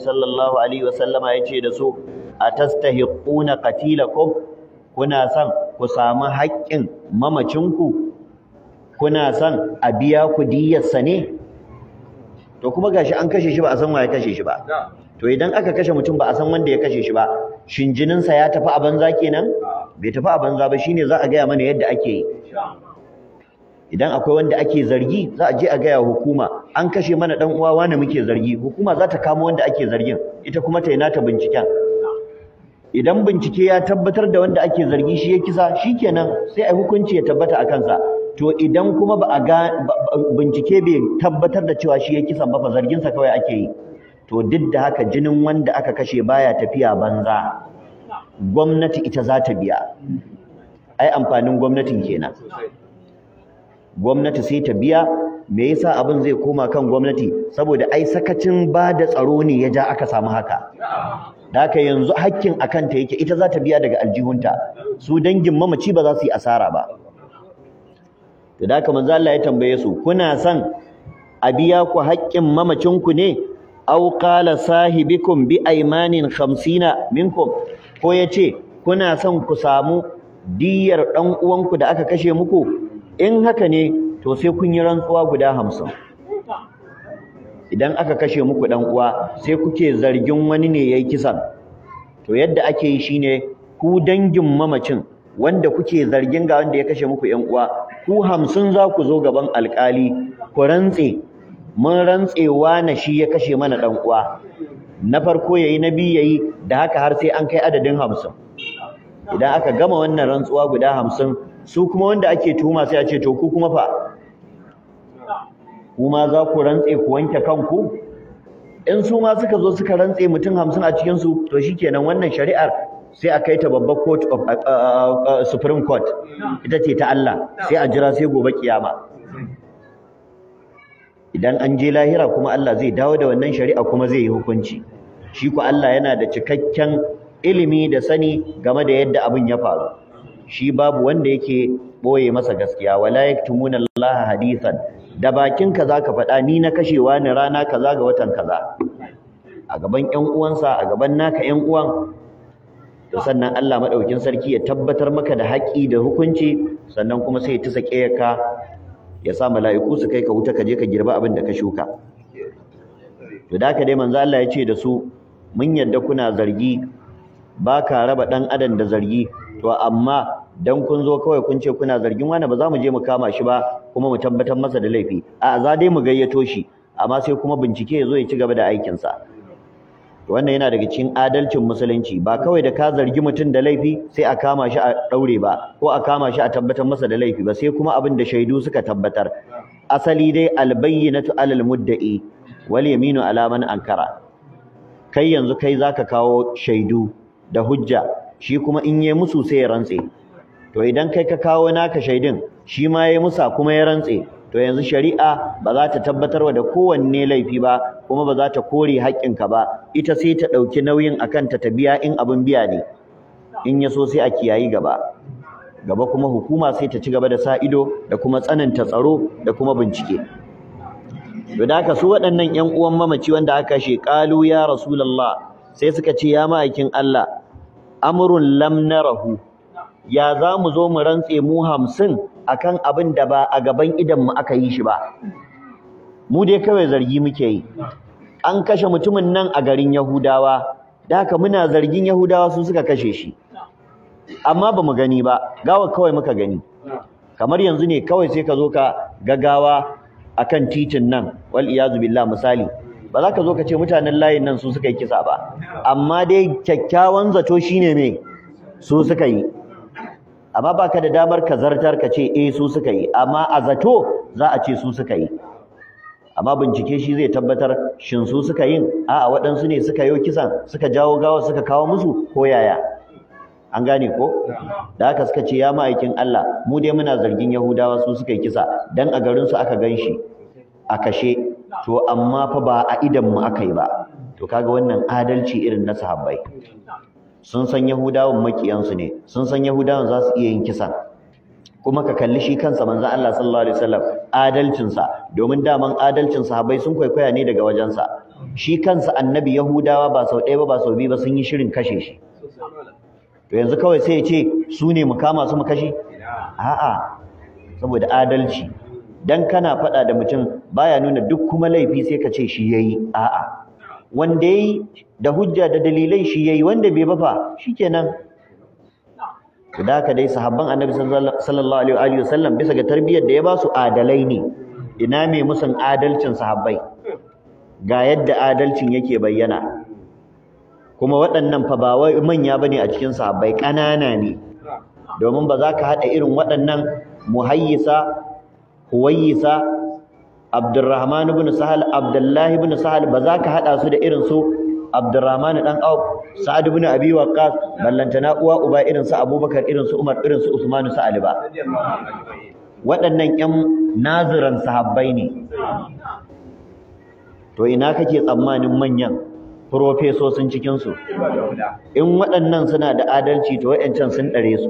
sallallahu alaihi wasallama yace da su tastahiquna qatilakum kuna san ku samu haƙƙin mamacinku kuna san a biya ku diyyarsa ne to kuma gashi an kashe shi ba a san waye kashe shi ba to idan aka kashe mutum ba a san wanda ya kashe shi ba shin jininsa ya tafi a banza kenan bai tafi a banza ba shine za a gaya mana yadda ake yi idan akwai wanda ake zargi za a je a gaya hukuma an kashe mana dan uwa wani muke zargi hukuma za ta kamo wanda ake zargin ita kuma ta yi nata binciken idan bincike ya tabbatar da wanda ake zargi shi ya kisa shikenan sai ai hukunci ya tabbata a kansa to idan kuma ba a ga bincike bai tabbatar da cewa shi ya kisa, ba fa zargin sa kawai ake yi to duk da haka jinin wanda aka kashe baya tafiya banza gwamnati ita za ta biya ai amfanin gwamnatin kenan gwamnati sai ta biya me yasa abin zai koma kan gwamnati saboda ai sakacin ba da tsaro ne ya ja aka samu haka Daka yanzu hakkin akan ta yake ita za ta biya daga aljihunta su dangin mamaci ba za su yi asara ba to da manzo Allah ya tambaye su kuna san a biya ku hakkin mamacin ku ne aw qala sahibikum bi aymanin 50 minkum ko yace kuna san ku samu diyar dan uwanku da aka kashe muku in haka ne to sai kun yi rantsuwa guda hamsin idan aka kashe muku dan uwa sai kuke zargin wani ne yayi kisan to yadda ake yi shine ku dangin mamacin wanda kuke zargin ga wanda ya kashe muku yan uwa ku hamsin za ku zo gaban alkali ku rantse mun rantsewa na shi ya kashe mana dan uwa na farko yayi na biyu yayi da haka har sai an kai adadin hamsin idan aka gama wannan rantsuwa guda hamsin su kuma wanda ake tuhuma sai a ce to ku kuma fa kuma za ku rantse ku wanke kanku in su ma suka zo suka rantse mutum hamsin a cikinsu to shikenan wannan shari'ar sai a kai ta babbar court of uh, uh, uh, supreme court ita ce ta Allah sai a jira sai gobe kiyama idan an je lahira kuma Allah zai dawo da wannan shari'a kuma zai yi hukunci shi ku Allah yana da cikakken ilimi da sani game da yadda abin ya faru shi babu wanda yake boye masa gaskiya wala yaktumuna Allah hadisan. da bakin bakinka ka faɗa ni na kashewa ni rana kaza ga watan kaza a gaban ƴan uwansa a gaban naka ƴan uwan to sannan Allah madaukin sarki ya tabbatar maka da haƙi da hukunci sannan kuma sai ya tusa ka ya sa mala'iku su kai ka wuta ka je ka girba abin da ka shuka to da ka dai manzo Allah ya ce da su mun yarda kuna zargi baka raba dan adam da zargi to amma dan kun zo kawai kun ce kuna zargin wani ba za mu je mu kama shi ba kuma mu tabbatar masa da laifi a za dai mu gayyato shi amma sai kuma bincike ya zo ya ci gaba da aikin sa wannan yana daga cikin adalcin musulunci ba kawai da ka zargi mutum da laifi sai a kama shi a daure ba ko a kama shi a tabbatar masa da laifi ba sai kuma abin da shaidu suka tabbatar asali dai albayyinatu alal mudda'i wal yaminu ala man ankara kai yanzu kai zaka kawo shaidu da hujja shi kuma in yi musu sai ya rantse to idan kai ka kawo naka shaidin shi ma yi musa kuma ya rantse to yanzu shari'a ba za ta tabbatar da kowanne laifi ba kuma ba za ta kore haƙƙinka ba ita sai ta ɗauki nauyin kanta ta biya in abin biya ne in ya so sai a kiyayi gaba gaba kuma hukuma sai ta ci gaba da sa ido da kuma tsananta tsaro da kuma bincike to da haka su waɗannan 'yan uwan mamaci wanda aka she kalu ya rasulullah sai suka ce ya ma'aikin Allah amrun lam narahu ya za mu zo mu rantse mu hamsin akan abin da ba a gaban idan mu aka yi shi ba mu dai kawai zargi muke yi an kashe mutumin nan a garin yahudawa da haka muna zargin yahudawa su suka kashe shi amma ba mu gani ba gawa kawai muka gani kamar yanzu ne kawai sai ka zo ka gagawa akan titin nan wal iyazu billahi misali ba za ka zo ka ce mutanen layin nan su suka yi kisa ba amma dai kyakkyawan zato shine mai su suka yi amma baka da damar ka zartar ka ce eh su suka yi amma a zato za a ce su suka yi amma bincike shi zai tabbatar shin su suka yin a'a waɗansu ne suka yi kisan suka jawo gawa suka kawo musu ko yaya an gane ko da haka suka ce ya ma'aikin Allah mu dai muna zargin Yahudawa su suka yi kisa dan a garin su aka ganshi a kashe to amma fa ba a idan mu akai ba to kaga wannan adalci irin na sahabbai sun san yahudawan makiyansu ne sun san yahudawan za su iya yin kisan kuma ka kalli shi kansa manzon Allah sallallahu alaihi wasallam adalcinsa domin daman adalcin sahabbai sun kwaikwaya ne daga wajensa shi kansa annabi yahudawa ba sau ɗaya ba ba sau biyu ba sun yi shirin kashe shi to yanzu kawai sai ya ce su ne mu kama su mu kashe a'a saboda adalci dan kana faɗa da mutum baya nuna duk kuma laifi sai ka ce shi yayi a'a wanda yayi da hujja da dalilai shi yayi wanda bai ba fa shikenan to da ka dai sahabban annabi sallallahu alaihi wa sallam bisa ga tarbiyyar da ya ba su adalai ne ina mai musan adalcin sahabbai ga yadda adalcin yake bayyana kuma waɗannan fa ba wai manya bane a cikin sahabbai ƙanana ne domin ba za ka haɗa irin waɗannan muhayyisa huwayyisa Abdurrahman ibn Sahal Abdullahi ibn Sahal ba za ka hada su da irin su Abdurrahman dan Auf Sa'ad ibn Abi Waqqas ballantana uwa uba irin su Abubakar irin su Umar irin su Usman su Ali ba waɗannan ƴan naziran sahabbai ne to ina kake tsammanin manyan profesosin cikin su in waɗannan suna da adalci to waɗancan sun dare su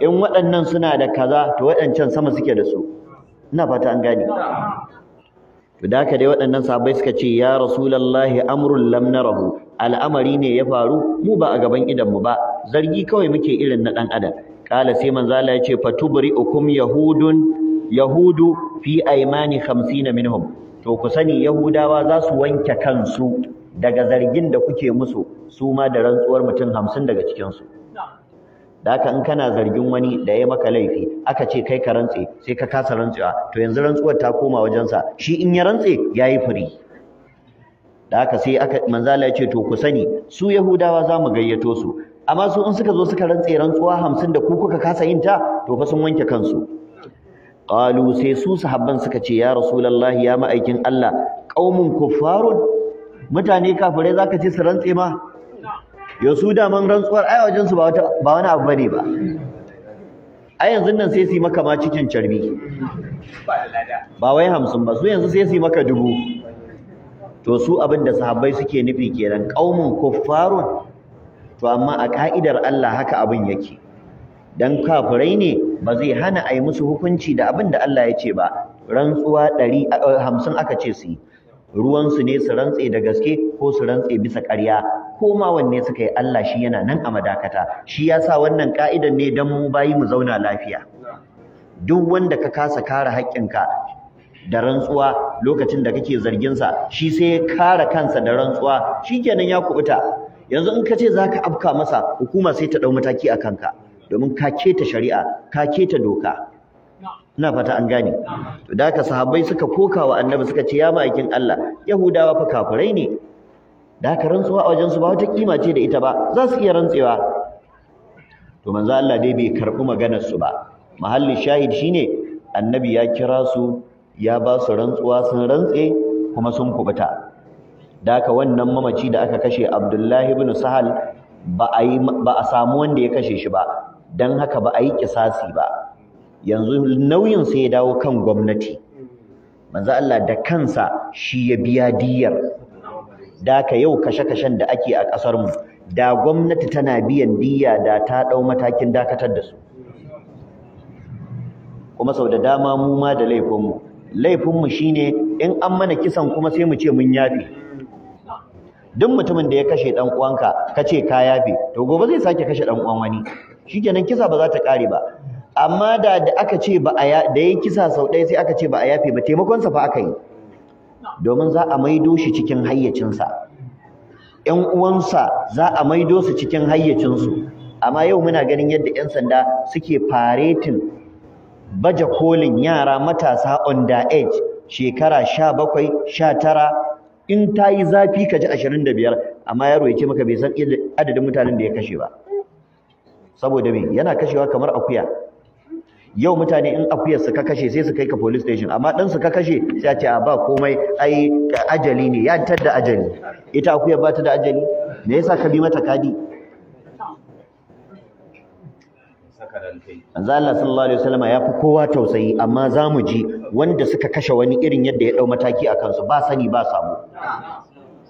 in waɗannan suna da kaza to waɗancan sama suke da su ina fata an gane to da haka dai waɗannan sahabbai suka ce ya rasulullahi amrun lam narahu al'amari ne ya faru mu ba a gaban idan mu ba zargi kawai muke irin na dan adam kala sai manzo Allah ya ce ukum yahudun yahudu fi aymani 50 minhum to ku sani yahudawa za su wanke kansu daga zargin da kuke musu su ma da rantsuwar mutum 50 daga cikin su da haka in kana zargin wani da ya maka laifi aka ce kai ka rantse sai ka kasa rantsewa to yanzu rantsuwar ta koma wajensa shi in ya rantse yayi firi da haka sai aka manzala ya ce to ku sani su yahudawa za mu gayyato su amma su in suka zo suka rantse rantsuwa hamsin da ku kuka kasa yin ta to fa sun wanke kansu qalu sai su sahabban suka ce ya rasulullahi ya ma'aikin Allah qaumun kuffarun mutane kafirai zaka ce su rantse ma yau su daman rantsuwar ai wajen su ba wata ba wani abu bane ba ai yanzu nan sai su yi maka ma cikin carbi ba wai hamsin ba su yanzu sai su yi maka dubu to su abin da sahabbai suke nufi kenan qaumun kuffarun to amma a ka'idar Allah haka abin yake dan kafirai ne ba zai hana ai musu hukunci da abin da Allah ya ce ba rantsuwa 150 aka ce su yi Ruwan su ne su rantse da gaske ko su rantse bisa ƙarya ko ma wanne suka yi Allah shi yana nan a madakata shi yasa wannan ka'idan ne dan mu bayi mu zauna lafiya duk wanda ka kasa kare haƙƙinka da rantsuwa lokacin da kake zarginsa shi sai ya kare kansa da rantsuwa shikenan ya kubuta yanzu in ka ce zaka afka masa hukuma sai ta ɗau mataki a kanka domin ka keta shari'a ka keta doka ina fata an gane to da haka sahabbai suka koka wa annabi suka ce ya ma'aikin Allah yahudawa fa kafirai ne da haka rantsuwa a wajensu ba wata kima ce da ita ba za su iya rantsewa to manzo Allah dai bai karɓi maganar su ba mahalli shahid shine annabi ya kira su ya ba su rantsuwa sun rantse kuma sun kubuta da haka wannan mamaci da aka kashe Abdullahi ibn Sahal ba a ba a samu wanda ya kashe shi ba dan haka ba a yi kisasi ba yanzu nauyin sai ya dawo kan gwamnati manzo Allah da kansa shi ya biya diyar da ka yau kashe-kashen da ake a ƙasar mu da gwamnati tana biyan diya da ta dau matakin dakatar da su kuma sau da dama mu ma da laifin mu laifin mu shine in an mana kisan kuma sai mu ce mun yafe duk mutumin da ya kashe dan uwanka kace ka yafe to gobe zai sake kashe dan uwan wani shikenan kisa ba za ta kare ba amma da da aka ce ba a da yayi kisa sau ɗaya sai aka ce ba a yafe ba taimakon sa fa aka yi domin za a maido shi cikin hayyacinsa ƴan uwansa za a maido su cikin hayyacinsu amma yau muna ganin yadda ƴan sanda suke faretin baje kolin yara matasa on the age shekara 17 19 in ta yi zafi ka ji 25 amma yaro ya ce maka bai san adadin mutanen da ya kashe ba saboda me yana kashewa kamar akuya yau mutane in akuyar su ka kashe sai su kai ka police station amma dan su ka kashe sai a ce a ba komai ai ajali ne ya tar da ajali ita akuyar ba ta da ajali me yasa ka bi mata kadi Manzo Allah sallallahu alaihi wasallam ya fi kowa tausayi amma zamu ji wanda suka kashe wani irin yadda ya dau mataki a kansu ba sani ba samu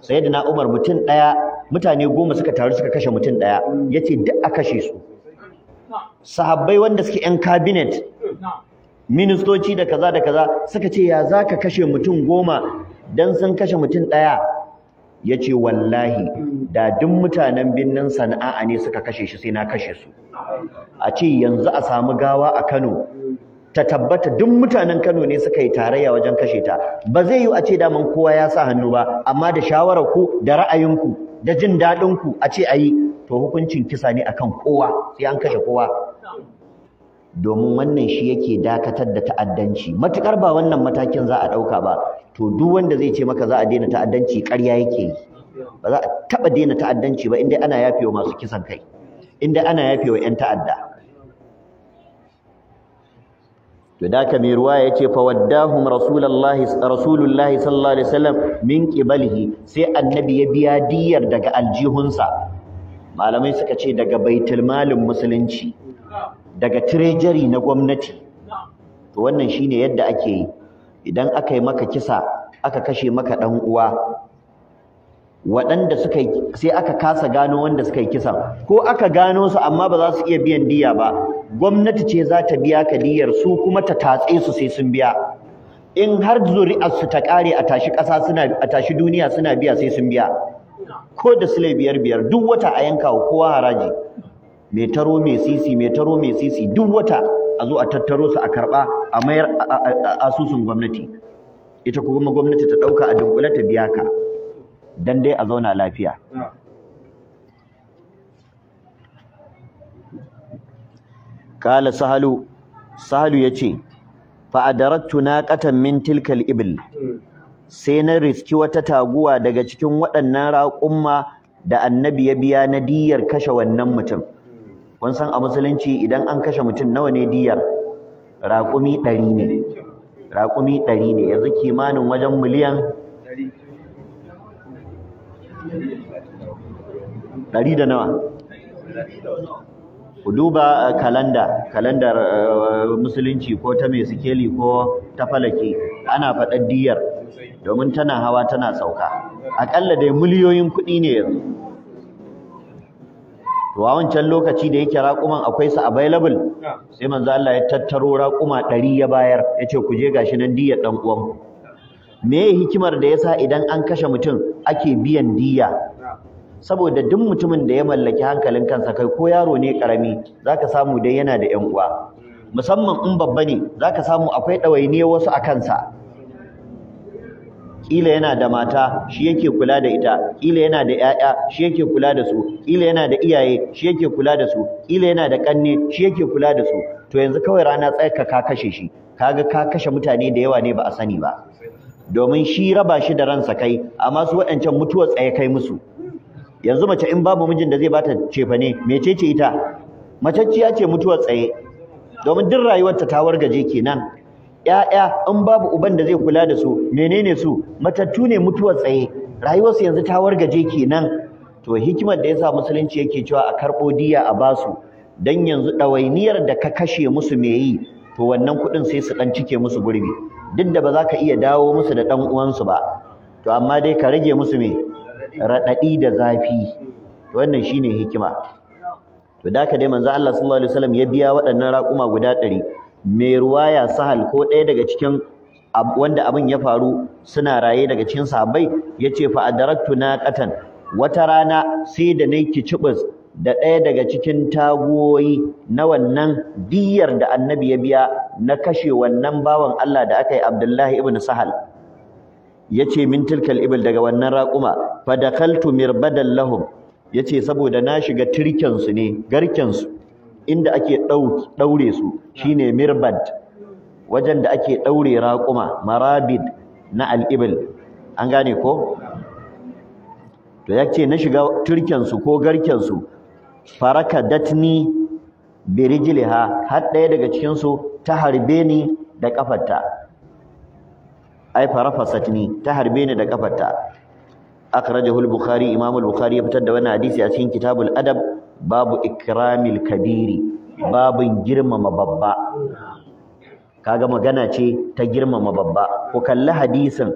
sayyidina Umar mutum daya mutane goma suka taru suka kashe mutum daya yace duk a kashe su sahabbai wanda suke yan kabinet, ministoci da kaza da kaza suka ce ya zaka kashe mutum goma dan sun kashe mutum ɗaya? Ya ce wallahi da duk mutanen birnin sana'a ne suka kashe shi sai na kashe su a ce yanzu a samu gawa a Kano ta tabbata duk mutanen Kano ne suka yi tarayya wajen kashe ta ba zai yi a ce daman kowa ya sa hannu ba amma da shawarar ku da ra'ayinku da jin daɗin a ce a yi, to hukuncin kisa ne akan kowa sai an kashe kowa domin wannan shi yake dakatar da ta'addanci matukar ba wannan matakin za a dauka ba to duk wanda zai ce maka za a daina ta'addanci ƙarya yake yi ba za a taba daina ta'addanci ba indai ana yafewa masu kisan kai indai ana yafewa yan ta'adda to da ka mai ruwa yace fa waddahum rasulullahi rasulullahi sallallahu alaihi wasallam min qibalihi sai annabi ya biya diyar daga aljihunsa malamai suka ce daga baitul malin musulunci daga tirejari na gwamnati to wannan shine yadda ake yi idan aka yi maka kisa aka kashe maka dan uwa waɗanda suka sai aka kasa gano wanda suka yi kisan ko aka gano su amma ba za su iya biyan diya ba gwamnati ce za ta biya ka diyar su kuma ta tatse su sai sun biya in har zuri'ar su ta kare a tashi ƙasa suna a tashi duniya suna biya sai sun biya ko da sule biyar biyar duk wata a yanka wa kowa haraji mai taro mai sisi mai taro mai sisi duk wata a zo a tattaro su a karba a mayar asusun gwamnati ita kuma gwamnati ta dauka a dunkule ta biya ka dan dai a zauna lafiya kala sahalu sahalu yace fa adarattu naqatan min tilkal ibil sai na riski wata taguwa daga cikin waɗannan raƙumma da annabi ya biya na diyar kashe wannan mutum kun san a musulunci idan an kashe mutum nawa ne diyar raƙumi ɗari ne raƙumi ɗari ne yanzu kimanin wajen miliyan 100 da nawa ku duba kalanda eh, kalandar eh, musulunci ko ta mai sikeli ko ta falaki. ana faɗar diyar domin tana hawa tana sauka aƙalla dai miliyoyin kuɗi ne yanzu to a wancan lokaci da yake raƙuman akwai su available sai manzo Allah ya tattaro raƙuma ɗari ya bayar yace ku je gashi nan diyar dan uwan me hikimar da yasa idan an kashe mutum ake biyan diya saboda duk mutumin da ya mallaki hankalin kansa kai ko yaro ne karami zaka samu dai yana da 'yan uwa mm. musamman in babba ne zaka samu akwai ɗawainiya wasu a kansa kila yana da mata shi yake kula da ita kila yana da yaya shi yake kula da su kila yana da iyaye shi yake kula da su kila yana da kanne shi yake kula da su to yanzu kawai rana tsaka ka kashe shi kaga ka kashe mutane da yawa ne ba a sani ba domin shi raba shi da ransa kai amma su waɗancan mutuwar tsaye kai musu yanzu mace in babu mijin da zai bata cefane mecece ita macacciya ce mutuwar tsaye domin duk rayuwarta ta wargaje kenan ‘ya'ya in babu uban da zai kula da su menene su matattu ne mutuwar tsaye rayuwarsu yanzu ta wargaje kenan to hikimar da yasa musulunci yake cewa a karɓo diya a basu dan yanzu ɗawainiyar da ka kashe musu me yi to wannan kuɗin sai su ɗan cike musu gurbi duk da ba za ka iya dawo musu da ɗan uwansu ba to amma dai ka rage musu me raɗaɗi da zafi To wannan shine hikima to da ka dai manzo Allah sallallahu alaihi wasallam ya biya waɗannan raƙuma guda ɗari mai ruwaya sahal ko ɗaya daga cikin wanda abin ya faru suna raye daga cikin sahabbai yace fa adaraktu naqatan wata rana sai da nayi kicibus da ɗaya daga cikin tagoyi na wannan diyar da annabi ya biya na kashe wannan bawan Allah da aka yi Abdullahi ibn Sahal yace min tilkal ibil daga wannan raquma fa dakaltu mirbadan lahum yace saboda na shiga tirkin su ne garken su inda ake daure su shine mirbad wajen da ake daure raquma marabid na al an gane ko to yace na shiga turken su ko garken su faraka datni birijiliha har ɗaya daga cikinsu su ta harbe ni da kafarta ai satni ta harbe ni da kafarta akhrajahu al-bukhari imam al-bukhari ya fitar da wannan hadisi a cikin kitabul adab babu ikramil kabiri babin girmama babba kaga magana ce ta girmama babba ku kalli hadisin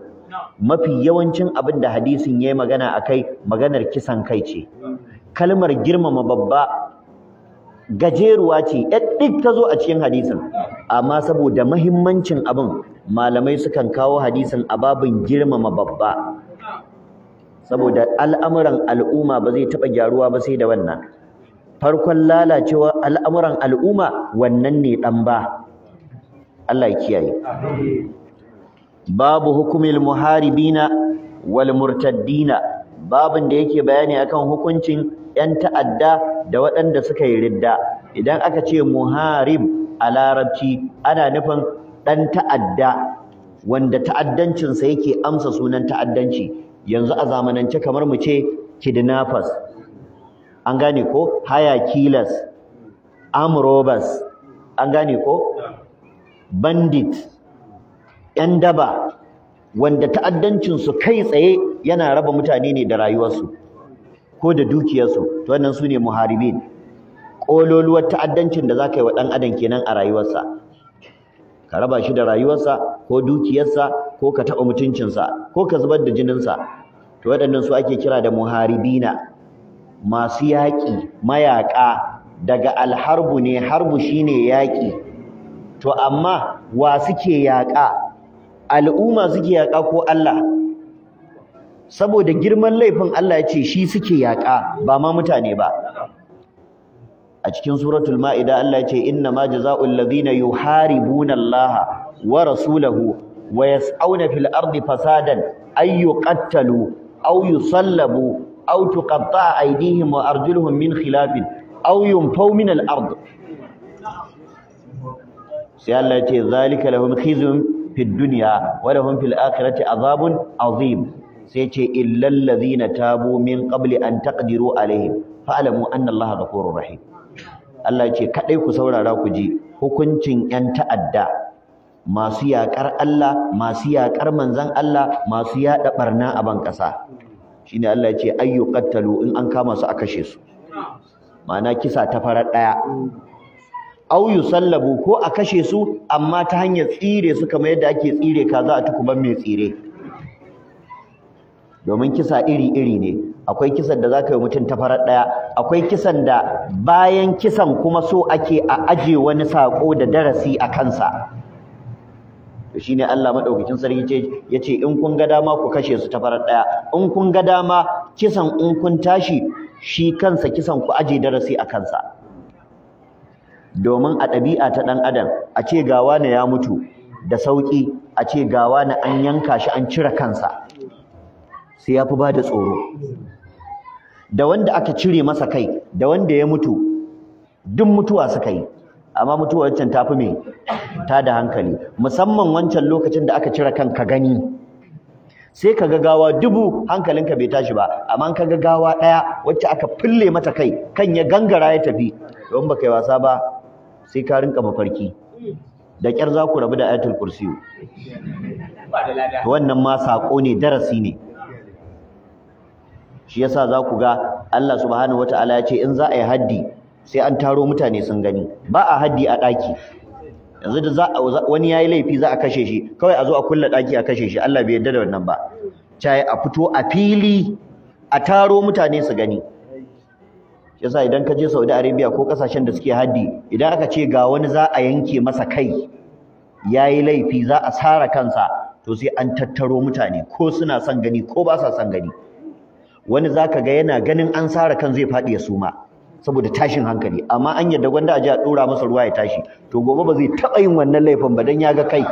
mafi yawancin abin da hadisin yayi magana akai maganar kisan kai ce kalmar girmama babba gajeruwa ce ɗaɗɗik ta zo a cikin hadisin amma saboda mahimmancin abin malamai sukan kawo hadisin a babin girmama babba saboda al'amuran al'umma ba zai taɓa gyaruwa ba sai da wannan farkon lalacewa al'amuran al'umma wannan ne dan ba Allah ya kiyaye babu hukumil muharibina wal murtaddina babin da yake bayani akan hukuncin yan ta'adda da waɗanda suka yi ridda idan aka ce muharib a larabci ana nufin ɗan ta'adda wanda ta'addancinsa yake amsa sunan ta'addanci yanzu a zamanance kamar mu ce kidnappers an gane ko hayakilas amrobas an gane ko bandit yan daba wanda su kai tsaye yana raba mutane ne da rayuwarsu ko da dukiyarsu to wannan su ne muharibin ƙololuwar ta'addancin da za ka yi wa ɗan adam kenan a rayuwarsa ka raba shi da rayuwarsa ko dukiyarsa ko ka taɓa mutuncinsa ko ka zubar da jininsa to waɗannan su ake kira da muharibina masu yaƙi mayaƙa daga alharbu ne harbu shine yaƙi to amma wa suke yaƙa al'umma suke yaƙa ko Allah saboda girman laifin Allah ya ce shi suke yaƙa ba ma mutane ba a cikin suratul ma'ida Allah ya ce inna ma jazaa'ul ladina yuharibuna Allah wa rasulahu wa yas'auna fil ardi fasadan ay yuqattalu aw yusallabu aw tuqatta aydihim wa arjuluhum min khilafin aw yunfaw min al-ard sai Allah ya ce zalika lahum khizyun fid dunya wa lahum fil akhirati azabun azim sai ce illal ladhina tabu min qabli an taqdiru alaihim fa'lamu anna Allaha ghafurur rahim Allah ce kadai ku saurara ku ji hukuncin yan ta'adda masu yakar Allah masu yakar manzon Allah masu yada barna a ban kasa shine Allah ya ce ayyu qattalu in an kama su a kashe su ma'ana kisa ta farar daya aw yusallabu ko a kashe su amma ta hanyar tsire su kamar yadda ake tsire kaza a tukuban mai tsire domin kisa iri-iri ne akwai kisan da zaka yi mutum ta farar daya akwai kisan da bayan kisan kuma so ake a aje wani sako da darasi a kansa to shine Allah madaukakin sarki ce yace in kun ga dama ku kashe su ta farar daya in kun ga dama kisan in kun tashi shi kansa kisan ku aje darasi a kansa domin a ɗabi'a ta ɗan adam a ce gawa wani ya mutu da sauƙi a ce gawa wani an yanka shi an cire kansa sai ya fi ba da tsoro da wanda aka cire masa kai da wanda ya mutu duk mutuwa suka yi amma mutuwa wancan ta fi me ta da hankali musamman wancan lokacin da aka cire kanka gani sai ka gawa dubu hankalinka bai tashi ba amma ka gawa ɗaya wacce aka fille mata kai kan ya gangara ya tafi don baka yi wasa ba sai ka rinka mafarki da kyar za ku rabu da ayatul kursi wannan ma sako ne darasi ne shi yasa za ku ga Allah subhanahu wataala ya ce in za a yi haddi sai an taro mutane sun gani ba a haddi a ɗaki yanzu da wani ya laifi za a kashe shi kawai a zo a kulla ɗaki a kashe shi Allah bai yarda da wannan ba cai a fito a fili a taro mutane su gani yasa idan ka je Saudi Arabia ko kasashen da suke haddi idan aka ce ga wani za a yanke masa kai yayi laifi za a sara kansa to sai an tattaro mutane ko suna son gani ko ba sa son gani wani zaka ga yana ganin an sara kan zai faɗi ya suma saboda tashin hankali amma an yadda gwanda a ji a dora masa ruwa ya tashi to gobe ba zai taba yin wannan laifin ba dan ya ga kai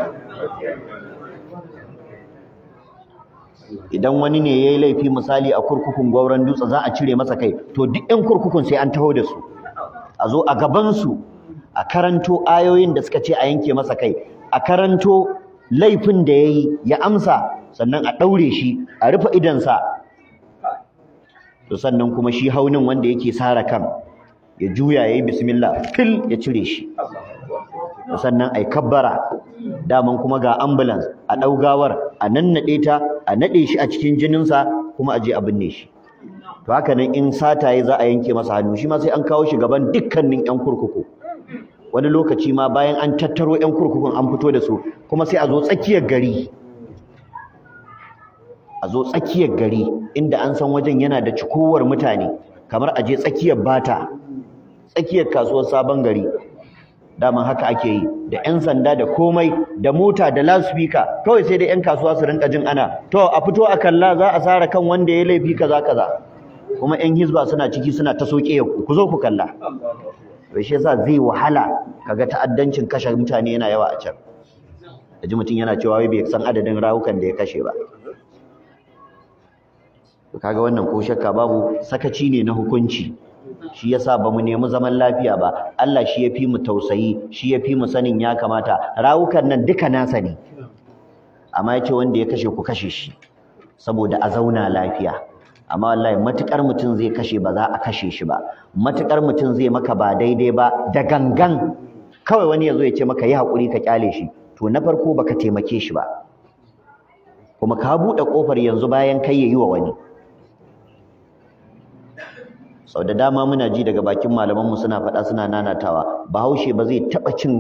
idan wani ne yayi laifi misali a kurkukun gauran dutse za a cire masa kai to duk ɗan kurkukun sai an taho da su a zo a gaban su a karanto ayoyin da suka ce a yanke masa kai a karanto laifin da yayi ya amsa sannan a daure shi a rufe idansa to sannan kuma shi haunin wanda yake sara kan ya juya yayi bismillah fil ya cire shi sannan ai kabbara daman kuma ga ambulance a daugawar a nannade ta a nade shi a cikin jininsa kuma a je a binne shi to haka nan in sataye za a yanke masa hannu shi ma sai an kawo shi gaban dukkanin yan kurkuku wani lokaci ma bayan an tattaro yan kurkukun an fito da su kuma sai a zo tsakiyar gari a zo tsakiyar gari inda an san wajen yana da cikowar mutane kamar a je tsakiyar bata tsakiyar kasuwar sabon gari dama haka ake yi da ƴan sanda da komai da mota da loudspeaker kawai sai da ƴan kasuwa su rinka jin ana to a fito a kalla za a sare kan wanda ya laifi kaza kaza kuma ƴan hizba suna ciki suna ta soke ku zo ku kalla to shi yasa zai wahala kaga ta'addancin kashe mutane yana yawa a can aji mutum yana cewa wai bai san adadin rawukan da ya kashe ba to kaga wannan ko shakka babu sakaci ne na hukunci shi yasa ba mu nemi zaman lafiya ba Allah shi yafi mu tausayi shi yafi mu sanin ya kamata rawukan nan duka nasa ne amma yace wanda ya kashe ku kashe shi saboda a zauna lafiya amma wallahi matukar mutum zai kashe ba za a kashe shi ba matukar mutum zai maka ba daidai ba da gangan kawai wani yazo ya ce maka yi hakuri ka kyale shi to na farko baka taimake shi ba kuma ka buɗe kofar yanzu bayan kai yayi wa wani sau da dama muna ji daga bakin malamanmu suna faɗa suna nanatawa bahaushe ba zai taɓa cin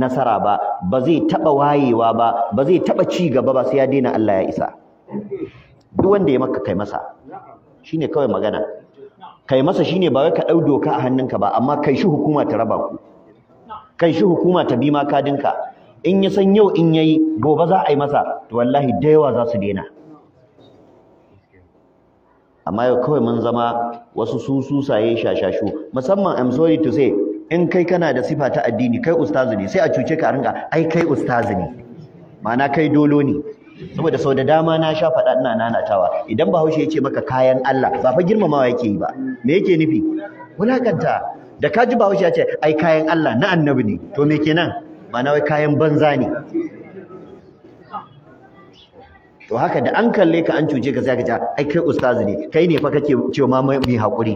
nasara ba ba zai taɓa wayewa ba ba zai taɓa ci gaba ba sai ya daina Allah ya isa duk wanda ya maka kai masa shine kawai magana kai masa shine ba wai ka ɗau doka a hannunka ba amma kai shi hukuma ta raba ku kai shi hukuma ta bi ma kadinka in ya san yau in yayi gobe za a yi masa to wallahi da yawa za su daina amma yau kawai mun zama wasu su susaye shashashu musamman I'm sorry to say in kai kana da sifa ta addini kai ustazu ne sai a cuce ka ringa ai kai ustazu ne ma'ana kai dolo ne saboda sau da dama na sha faɗa ina nanatawa idan bahaushe ya ce maka kayan Allah ba fa girmamawa yake yi ba me yake nufi wulakanta da kaji bahaushe ya ce ai kayan Allah na annabi ne to me kenan ma'ana wai kayan banza ne to haka da an kalle ka an cuje ka sai ka ce ai kai ustazi ne kai ne fa kake cewa ma mai hakuri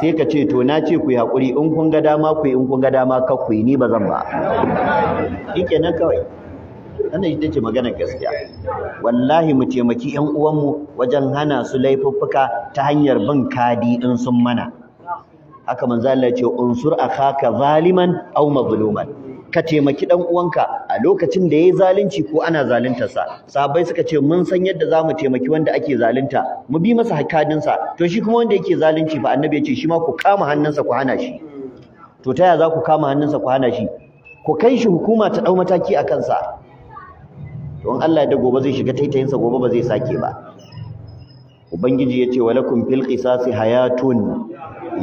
sai ka ce to na ce ku yi hakuri in kun ga dama ku yi in kun ga dama ka ku yi ni ba zan ba yake nan kawai wannan ita ce maganar gaskiya wallahi mu taimaki yan uwanmu wajen hana su laifuffuka ta hanyar bin kadi in sun mana haka manzo Allah ya ce unsur akhaka zaliman aw mazluman ka taimaki dan uwanka a lokacin da yayi zalunci ko ana zaluntar sa sahabbai suka ce mun san yadda zamu taimaki wanda ake zalunta mu bi masa hakadin sa to shi kuma wanda yake zalunci fa annabi ya ce shi ma ku kama hannunsa ku hana shi to taya za ku kama hannunsa ku hana shi ku kai shi hukuma ta dau mataki a kansa to in Allah ya da gobe zai shiga sa gobe ba zai sake ba ubangiji ya ce walakum fil qisasi hayatun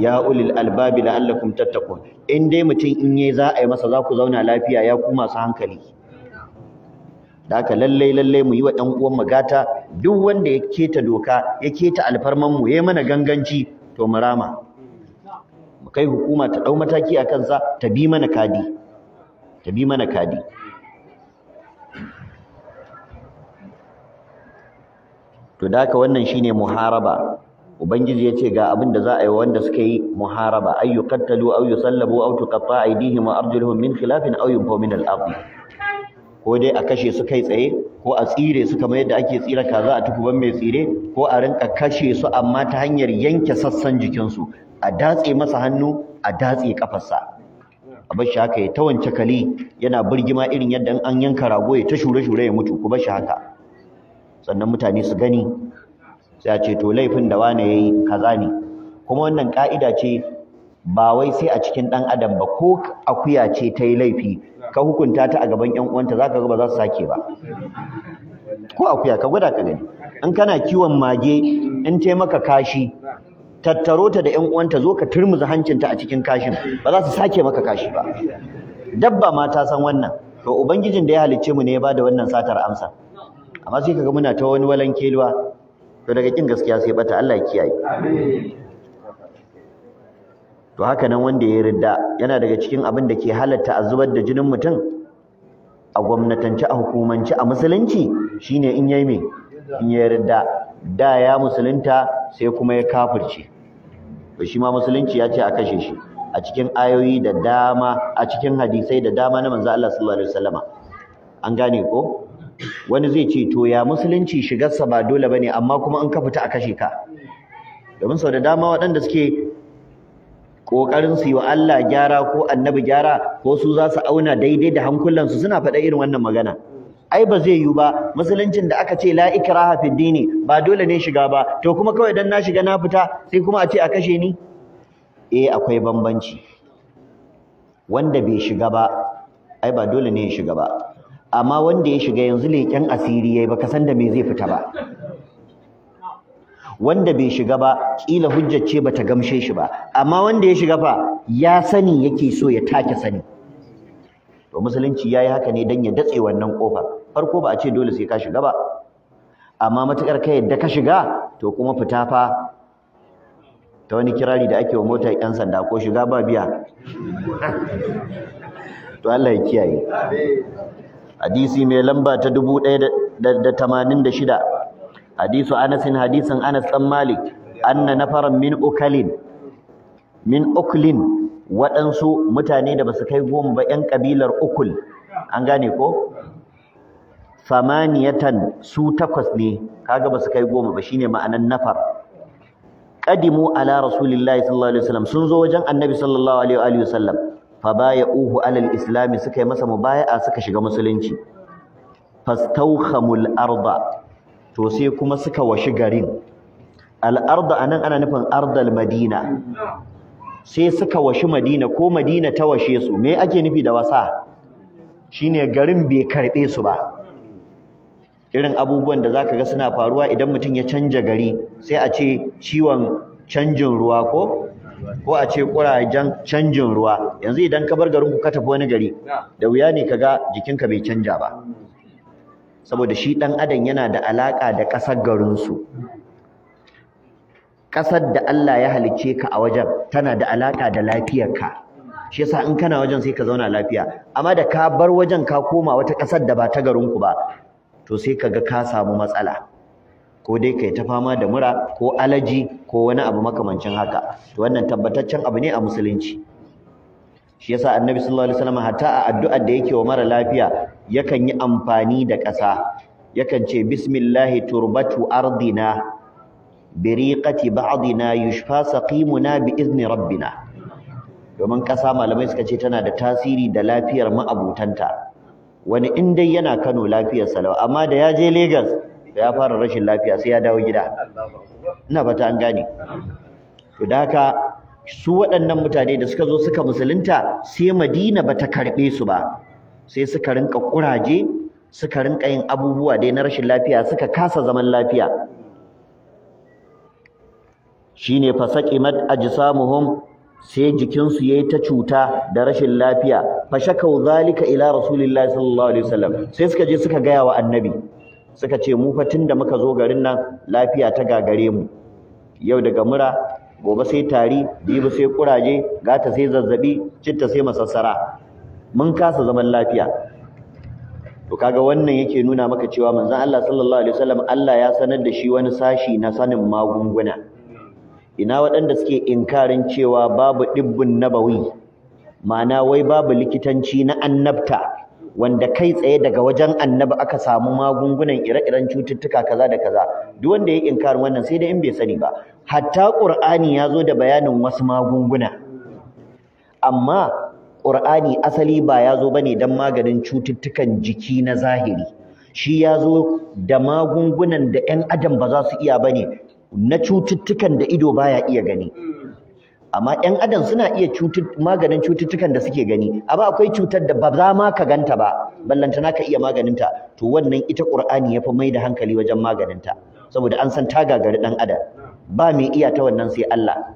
ya ulil albabi la'allakum tattaqun in dai mutum in yayi za a yi masa za ku zauna lafiya ya kuma masu hankali da haka lalle lalle mu yi wa ɗan uwan mu gata duk wanda ya keta doka ya keta alfarman mu yayi mana ganganci to mu rama mu kai hukuma ta dau mataki akan sa ta bi mana kadi ta bi mana kadi to da haka wannan shine muharaba ubangiji yace ga abin da za a yi wanda suka yi muharaba ay yuqtalu aw yusallabu aw tuqatta aydihim wa arjuluhum min khilafin aw yunfaw min al-ardh ko dai a kashe su kai tsaye ko a tsire su kamar yadda ake tsira kaza a tukuban mai tsire ko a rinka kashe su amma ta hanyar yanke sassan jikinsu a datse masa hannu a datse kafarsa a bar shi haka ya ta kali yana birgima irin yadda an yanka rago ya ta shure-shure ya mutu ku bar shi haka sannan mutane su gani sai a ce to laifin da wane yayi kaza ne kuma wannan ka'ida ce ba wai sai a cikin dan adam ba ko akuya ce ta yi laifi ka hukunta ta a gaban yan uwanta zaka ga ba za su sake ba ko akuya ka gwada ka gani in kana kiwon mage in tai maka kashi tattaro ta da ƴan uwanta zo ka turmuza hancinta a cikin kashin ba za su sake maka kashi ba dabba ma ta san wannan to ubangijin da ya halicce mu ne ya bada wannan satar amsa amma sai kaga muna ta wani walan keluwa to daga kin gaskiya sai bata Allah ya kiyaye to haka nan wanda ya ridda yana daga cikin abin da ke halatta a zubar da jinin mutum a gwamnatance a hukumanci a musulunci shine in yayi me in ya ridda da ya musulunta sai kuma ya kafirce to shi ma musulunci ya ce a kashe shi a cikin ayoyi da dama a cikin hadisai da dama na manzo Allah sallallahu alaihi wasallama an gane ko wani zai ce to ya musulunci shigarsa ba dole bane amma kuma in ka fita a kashe ka domin sau da dama waɗanda suke ƙoƙarin su yi wa Allah gyara ko annabi gyara ko su za su auna daidai da hankulansu suna faɗa irin wannan magana ai ba zai yiwu ba musuluncin da aka ce la ikraha fi dini ba dole ne shiga ba to kuma kawai dan na shiga na fita sai kuma a ce a kashe ni eh akwai bambanci wanda bai shiga ba ai ba dole ne ya shiga ba amma wanda ya shiga yanzu leƙen asiri yayi baka san da me zai fita ba wanda bai shiga ba ƙila hujjar ce bata gamshe shi ba amma wanda ya shiga fa ya sani yake so ya take sani to musulunci yayi haka ne dan ya datse wannan kofa farko ba a ce dole sai ka shiga ba amma matukar ka yadda ka shiga to kuma fita fa ta wani kirari da ake wa mota yan sanda ko shiga ba biya to Allah ya kiyaye hadisi mai lamba ta 1086 hadisu anasin hadisin anas ɗan malik ana nafaran min ukalin waɗansu mutane da basu kai goma ba ƴan kabilar ukul an gane ko samaniyatan su takwas ne kaga basu kai goma ba shine ma'anan nafar qadimu ala rasulillahi sallallahu alaihi sun zo wajen annabi sallallahu uhu alal islami suka yi masa mubaya'a suka shiga musulunci fastawkhamul arda to sai kuma suka washi garin al arda anan ana nufin ardal madina sai suka washi madina ko madina ta washe su me ake nufi da wasa shine garin bai karbe su ba irin abubuwan da zaka ga suna faruwa idan mutum ya canja gari sai a ce ciwon canjin ruwa ko ko a ce kurajen canjin ruwa yanzu idan ka bar garin ku ka tafi wani gari da wuya ne kaga jikinka bai canja ba saboda shi dan adam yana da alaka da kasar garin su kasar da Allah ya halice ka a wajen tana da alaka da lafiyar ka. shi yasa in kana wajen sai ka zauna lafiya amma da ka bar wajen ka koma wata kasar da ba ta garin ku ba to sai kaga ka samu matsala ko dai kai ta fama da mura ko alaji ko wani abu makamancin haka to wannan tabbataccen abu ne a musulunci shi yasa annabi sallallahu alaihi wasallam hatta a addu'ar da yake wa mara lafiya yakan yi amfani da ƙasa yakan ce bismillahi turbatu ardina biriqati ba'dina yushfa saqimuna bi izni rabbina domin ƙasa malamai suka ce tana da tasiri da lafiyar ma'abutanta wani in dai yana Kano lafiyar salawa amma da ya je Lagos ya fara rashin lafiya sai ya dawo gida ina fata an gane to da haka su waɗannan mutane da suka zo suka musulunta sai Madina bata karɓe su ba sai suka rinka kuraje suka rinka yin abubuwa dai na rashin lafiya suka kasa zaman lafiya shine saqimat ajsamuhum sai jikinsu yayi ta cuta da rashin lafiya shakau zalika ila rasulillahi sallallahu alaihi wasallam sai suka je suka gaya wa annabi suka ce mu fa tunda muka zo garin nan lafiya ta gagare mu yau daga mura gobe sai tari dibi sai kuraje gata sai zazzabi citta sai masassara mun kasa zaman lafiya to kaga wannan yake nuna maka cewa manzon Allah sallallahu alaihi wasallam Allah ya sanar da shi wani sashi na sanin magunguna ina waɗanda suke inkarin cewa babu dibbun nabawi ma'ana wai babu likitanci na annabta wanda kai tsaye daga wajen annabi aka samu magungunan ire-iren cututtuka kaza da kaza duk wanda ya inkarin wannan sai dai in bai sani ba hatta qur'ani ya zo da bayanin wasu magunguna amma qur'ani asali ba ya zo bane dan maganin cututtukan jiki na zahiri shi ya zo da magungunan da 'yan adam ba za su iya bane na cututtukan da ido baya iya gani amma ƴan adam suna iya maganin cututtukan da suke gani amma akwai cutar da ba za ma ka ganta ba ballantana ka iya maganinta to wannan ita qur'ani ya fi mai da hankali wajen maganinta saboda an san ta gagari ɗan adam ba mai iya ta wannan sai Allah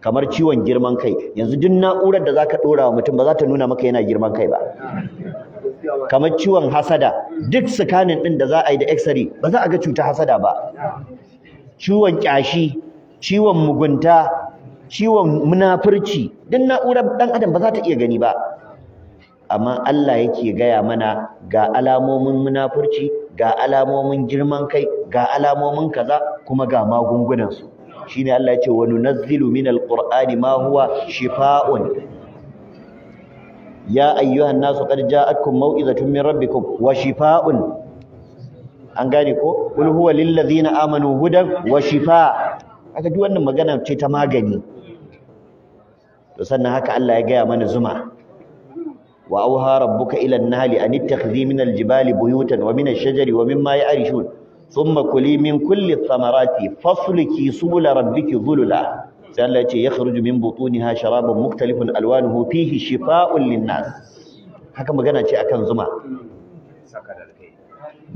kamar ciwon girman kai yanzu duk na'urar da zaka dora wa mutum ba za ta nuna maka yana girman kai ba kamar ciwon hasada duk scanning din da za a yi da x-ray ba za a ga cutar hasada ba ciwon kyashi ciwon mugunta ciwon munafurci duk na'urar dan adam ba za ta iya gani ba amma Allah yake gaya mana ga alamomin munafurci ga alamomin girman kai ga alamomin kaza kuma ga magungunan su shine Allah ya ce wa nunazzilu minal qur'ani ma huwa shifaa'un ya ayyuhan nasu qad ja'atkum maw'izatun min rabbikum wa shifaa'un an gane ko qul huwa lil ladzina amanu hudan wa shifaa' kaga duk wannan magana ce ta magani to sannan haka Allah ya gaya mana zuma wa auha rabbuka ila an-nahli an min al-jibali buyutan wa min ash-shajari wa mimma ya'rishun thumma kuli min kulli ath-thamarati fasluki subula rabbiki dhulula sai Allah ya ce yakhruju min butuniha sharabun muktalifun alwanuhu fihi shifaa'un lin-nas haka magana ce akan zuma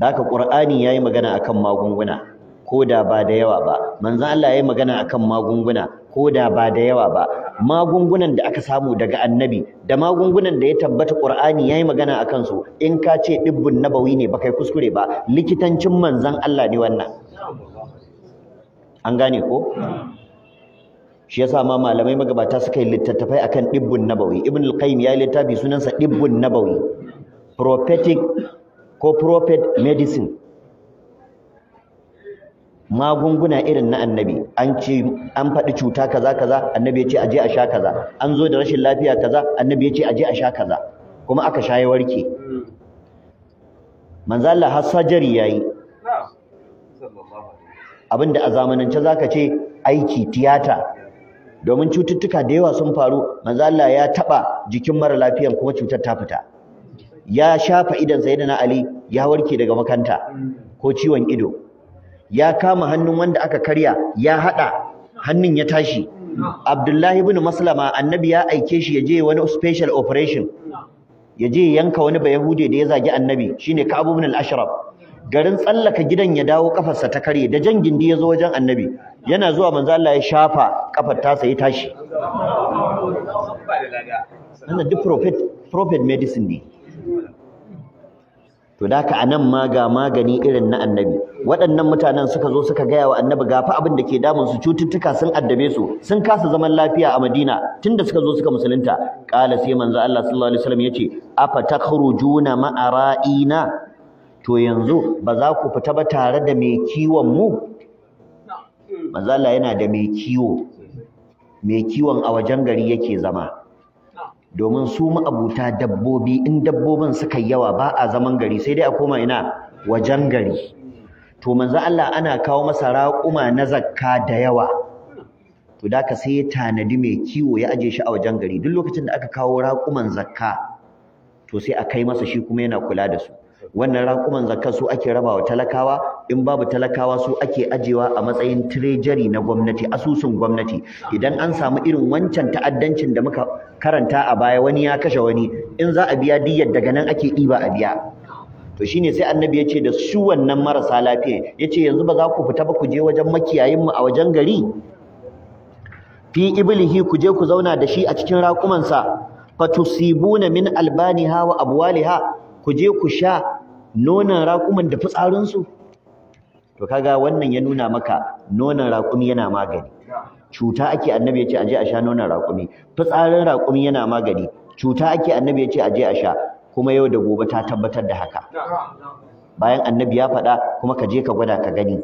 haka Qur'ani yayi magana akan magunguna ko da ba da yawa ba manzon Allah yayi magana akan magunguna ko da ba da yawa ba magungunan da aka samu daga annabi da magungunan da ya tabbata Qur'ani yayi magana akan su in ka ce dibbun nabawi ne baka kuskure ba likitancin manzon Allah ne wannan an gane ko shi yasa ma malamai magabata suka yi littattafai akan dibbun nabawi ibn al-qayyim ya littafi sunansa dibbun nabawi prophetic ko prophet medicine magunguna irin na annabi an ce an faɗi cuta kaza kaza annabi ya ce aje a sha kaza an zo da rashin lafiya kaza annabi ya ce aje a sha kaza kuma aka sha warke manzo Allah har sajari yayi abinda a zamanance zaka ce aiki tiyata domin cututtuka da yawa sun faru manzo Allah ya taba jikin mara lafiyan kuma cutar ta fita ya shafa idan sayyidina Ali ya warke daga makanta ko ciwon ido ya kama hannun wanda aka karya ya hada hannun ya tashi Abdullahi ibn Maslama annabi ya aike shi ya je wani special operation yaje yanka wani bayahude da ya zagi annabi shine Ka'ab ibn al-Ashraf garin tsallaka gidan ya dawo kafarsa ta kare da jan gindi ya zo wajen annabi yana zuwa manzo Allah ya shafa kafar ta sai tashi wannan duk prophet prophet medicine ne to da haka anan ma ga magani irin na annabi waɗannan mutanen suka zo suka gaya wa annabi ga fa abin da ke damun su cututtuka sun addabe su sun kasa zaman lafiya a Madina tunda suka zo suka musulunta qala sai manzo Allah sallallahu alaihi wasallam yace afa takhrujuna ma'ara'ina to yanzu ba za ku fita ba tare da mai kiwon mu manzo Allah yana da mai kiwo mai kiwon a wajen gari yake zama domin su ma'abuta dabbobi in dabbobin suka yawa ba a zaman gari sai dai a koma ina wajen gari to manzo Allah ana kawo masa raƙuma na zakka da yawa to da ka sai ya tanadi mai kiwo ya aje shi a wajen gari duk lokacin da aka kawo raƙuman zakka to sai a kai masa shi kuma yana kula da su wannan rankuman zakka su ake rabawa talakawa in babu talakawa su ake ajewa a matsayin treasury na gwamnati asusun gwamnati idan an samu irin wancan ta'addancin da muka karanta a baya wani ya kashe wani in za a biya diyyar daga nan ake ɗiba a biya to shine sai annabi ya ce da su wannan marasa lafiya ya ce yanzu ba za ku fita ba ku je wajen makiyayin mu a wajen gari fi iblihi ku je ku zauna da shi a cikin rakumansa, fatusibuna min albaniha wa abwaliha ku je ku sha nonon raƙuman da fitsarinsu to kaga wannan ya nuna maka nonon raƙumi yana magani cuta ake annabi ya ce aje a sha nonon raƙumi fitsarin raƙumi yana magani cuta ake annabi ya ce aje a sha kuma yau da gobe ta tabbatar da haka bayan annabi ya faɗa kuma ka je ka gwada ka gani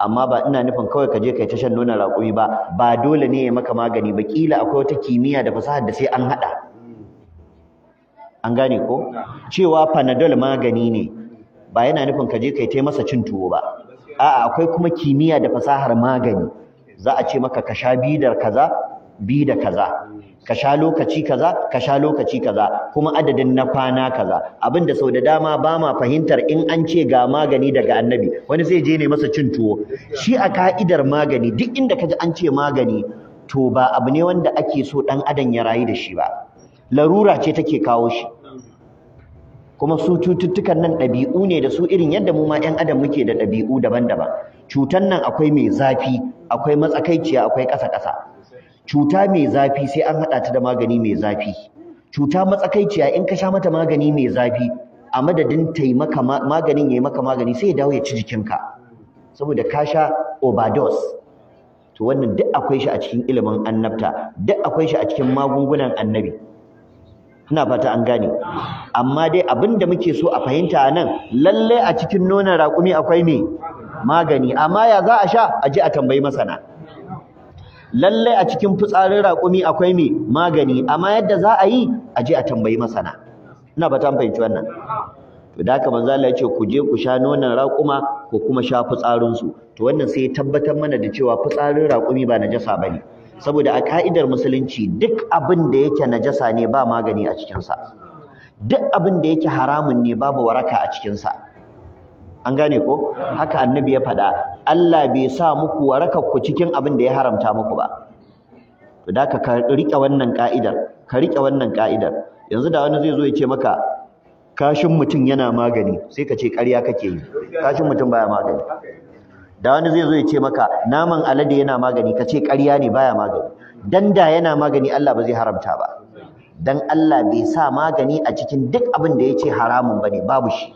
amma ba ina nufin kawai ka je kai ta shan nonon raƙumi ba ba dole ne ya maka magani ba kila akwai wata kimiyya da fasahar da sai an haɗa an gane ko cewa panadol magani ne ba yana nufin ka je kai tai masa cin tuwo ba a'a akwai kuma kimiyya da fasahar magani za a ce maka ka sha bidar kaza bi da kaza ka sha lokaci kaza ka sha lokaci kaza kuma adadin na kwana kaza abinda sau da dama ba ma fahimtar in an ce ga magani daga annabi wani zai je ne masa cin tuwo shi a ka'idar magani duk inda kaji an ce magani to ba abu ne wanda ake so dan adam ya rayu da shi ba larura ce take kawo shi kuma su cututtukan nan ɗabi'u ne da su irin yadda mu ma 'yan adam muke da ɗabi'u daban-daban cutan nan akwai mai zafi akwai matsakaiciya akwai ƙasa-ƙasa cuta mai zafi sai an haɗa ta da magani mai zafi cuta matsakaiciya in ka sha mata magani mai zafi a madadin taimaka maganin ya yi maka magani sai ya dawo ya ci jikinka saboda ka sha overdose to wannan duk akwai shi a cikin ilimin annabta duk akwai shi a cikin magungunan annabi ina fata an gane amma dai abin da muke so a fahimta nan lalle a cikin nonon raƙumi akwai me magani amma ya za a sha a ji a tambayi masana lalle a cikin fitsarin raƙumi akwai me magani amma yadda za a yi a ji a tambayi masana ina fata an fahimci wannan to da haka manzo Allah ya ce ku je ku sha nonon raƙuma ko kuma sha fitsarin su to wannan sai ya tabbatar mana da cewa fitsarin raƙumi ba najasa bane saboda a ka'idar musulunci duk abin da yake najasa ne ba magani a cikinsa duk abin da yake haramun ne babu waraka a cikinsa an gane ko haka annabi ya faɗa Allah bai sa muku warakar ku cikin abin da ya haramta muku ba to da ka rike wannan ka'idar ka rike wannan ka'idar yanzu da wani zai zo ya ce maka kashin mutum yana magani sai ka ce ƙarya kake yi kashin mutum baya magani da wani zai zo ya ce maka naman alade yana magani ka ce ƙarya ne baya magani dan da yana magani Allah ba zai haramta ba dan Allah bai sa magani a cikin duk abin da yace haramun bane babu shi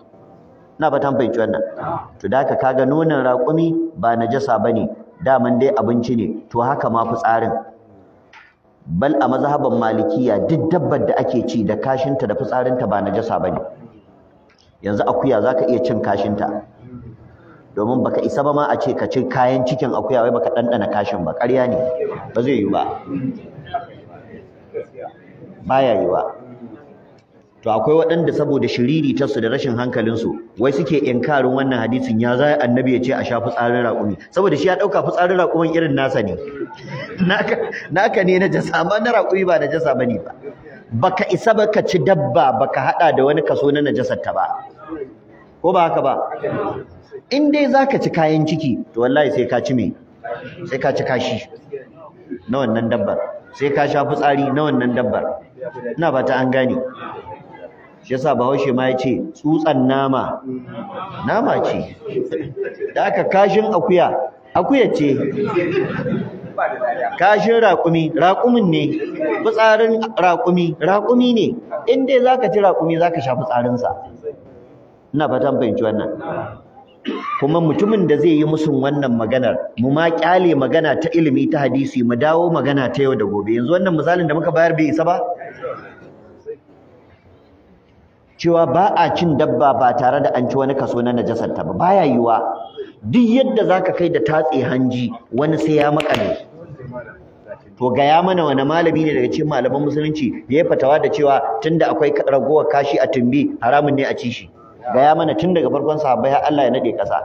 ina ba tambayci wannan to da ka kaga nonon raƙumi ba najasa bane daman dai abinci ne to haka ma fitsarin bal a mazhaban malikiya duk dabbar da ake ci da kashinta da fitsarinta ba najasa bane yanzu akuya zaka iya cin kashinta domin baka isa ba ma a ce ka ci kayan cikin akuya wai baka ɗanɗana kashin ba ƙarya ne ba zai yi ba baya yi ba to akwai waɗanda saboda shiriri ta su da rashin hankalin su, wai suke inkarin wannan hadisin ya zai annabi ya ce a sha fitsarin raƙumi saboda shi ya ɗauka fitsarin raƙumin irin nasa ne naka ne na jasa amma na raƙumi ba na jasa bane ba baka isa ba ka ci dabba baka haɗa da wani kaso na najasar ta ba ko ba haka ba in dai zaka ci kayan ciki to wallahi sai ka ci me sai ka ci kashi na wannan dabbar sai ka sha fitsari na wannan dabbar ina ba ta an gane shi yasa bahaushe ma ya ce tsutsan nama nama ce da aka kashin akuya akuya ce kashin raƙumi raƙumin ne fitsarin raƙumi raƙumi ne in dai zaka ci raƙumi zaka sha fitsarinsa ina fatan fahimci wannan kuma mutumin da zai yi musun wannan maganar mu ma kyale magana ta ilimi ta hadisi mu dawo magana ta yau da gobe yanzu wannan misalin da muka bayar bai isa ba cewa ba a cin dabba ba tare da an ci wani kaso na najasar ta ba baya yiwa duk yadda zaka kai da tatse hanji wani sai ya makale to gaya mana wani malami ne daga cikin malaman musulunci da ya fatawa da cewa tunda akwai ragowar kashi a tumbi haramun ne a ci shi gaya mana tun daga farkon sahabbai har Allah ya nade kasa